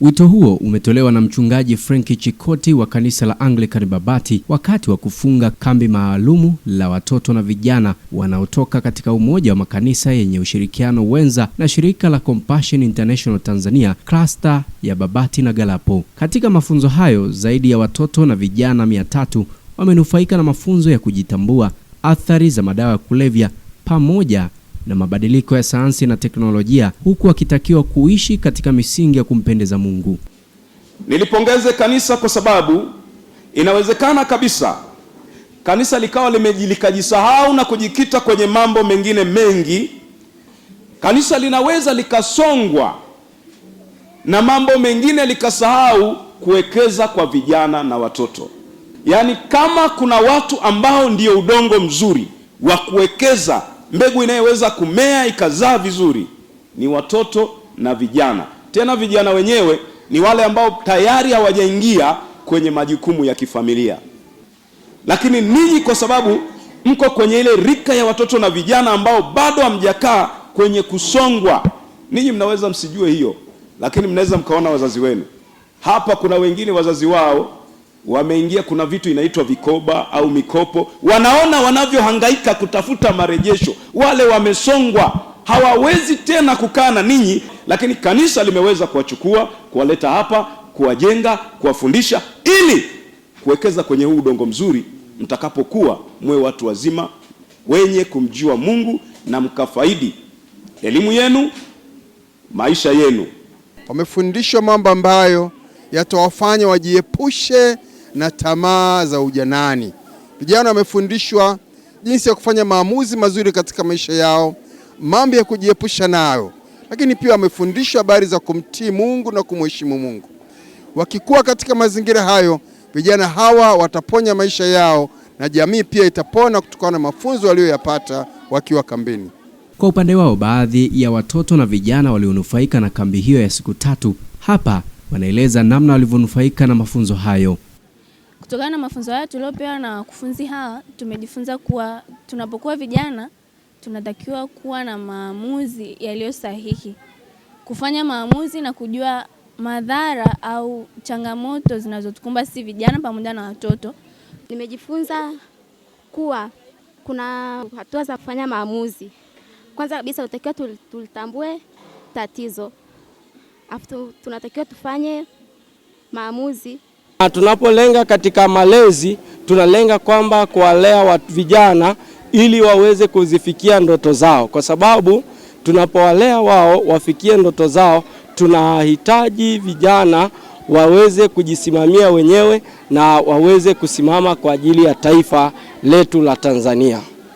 Wito huo umetolewa na Mchungaji Frank Chikoti wa kanisa la Anglican Babati wakati wa kufunga kambi maalumu la watoto na vijana wanaotoka katika umoja wa makanisa yenye ushirikiano wenza na shirika la Compassion International Tanzania cluster ya Babati na Galapo. Katika mafunzo hayo, zaidi ya watoto na vijana mia tatu wamenufaika na mafunzo ya kujitambua, athari za madawa ya kulevya pamoja na mabadiliko ya sayansi na teknolojia, huku akitakiwa kuishi katika misingi ya kumpendeza Mungu. Nilipongeze kanisa kwa sababu inawezekana kabisa kanisa likawa likajisahau na kujikita kwenye mambo mengine mengi. Kanisa linaweza likasongwa na mambo mengine likasahau kuwekeza kwa vijana na watoto. Yaani, kama kuna watu ambao ndio udongo mzuri wa kuwekeza mbegu inayoweza kumea ikazaa vizuri ni watoto na vijana, tena vijana wenyewe ni wale ambao tayari hawajaingia kwenye majukumu ya kifamilia. Lakini ninyi kwa sababu mko kwenye ile rika ya watoto na vijana ambao bado hamjakaa kwenye kusongwa, ninyi mnaweza msijue hiyo, lakini mnaweza mkaona wazazi wenu hapa. Kuna wengine wazazi wao wameingia, kuna vitu inaitwa vikoba au mikopo, wanaona wanavyohangaika kutafuta marejesho, wale wamesongwa, hawawezi tena kukaa na ninyi, lakini kanisa limeweza kuwachukua, kuwaleta hapa, kuwajenga, kuwafundisha ili kuwekeza kwenye huu udongo mzuri, mtakapokuwa mwe watu wazima wenye kumjua Mungu na mkafaidi elimu yenu, maisha yenu. Wamefundishwa mambo ambayo yatawafanya wajiepushe na tamaa za ujanani. Vijana wamefundishwa jinsi ya kufanya maamuzi mazuri katika maisha yao, mambo ya kujiepusha nayo, lakini pia wamefundishwa habari za kumtii Mungu na kumheshimu Mungu. Wakikuwa katika mazingira hayo, vijana hawa wataponya maisha yao na jamii pia itapona kutokana na mafunzo waliyoyapata wakiwa kambini. Kwa upande wao, baadhi ya watoto na vijana walionufaika na kambi hiyo ya siku tatu hapa wanaeleza namna walivyonufaika na mafunzo hayo. Kutokana na mafunzo haya tuliopewa na wakufunzi hawa, tumejifunza kuwa tunapokuwa vijana tunatakiwa kuwa na maamuzi yaliyo sahihi, kufanya maamuzi na kujua madhara au changamoto zinazotukumba si vijana pamoja na watoto. Nimejifunza kuwa kuna hatua za kufanya maamuzi. Kwanza kabisa, unatakiwa tulitambue tatizo afu tunatakiwa tufanye maamuzi. Tunapolenga katika malezi, tunalenga kwamba kuwalea vijana ili waweze kuzifikia ndoto zao, kwa sababu tunapowalea wao wafikie ndoto zao, tunahitaji vijana waweze kujisimamia wenyewe na waweze kusimama kwa ajili ya taifa letu la Tanzania.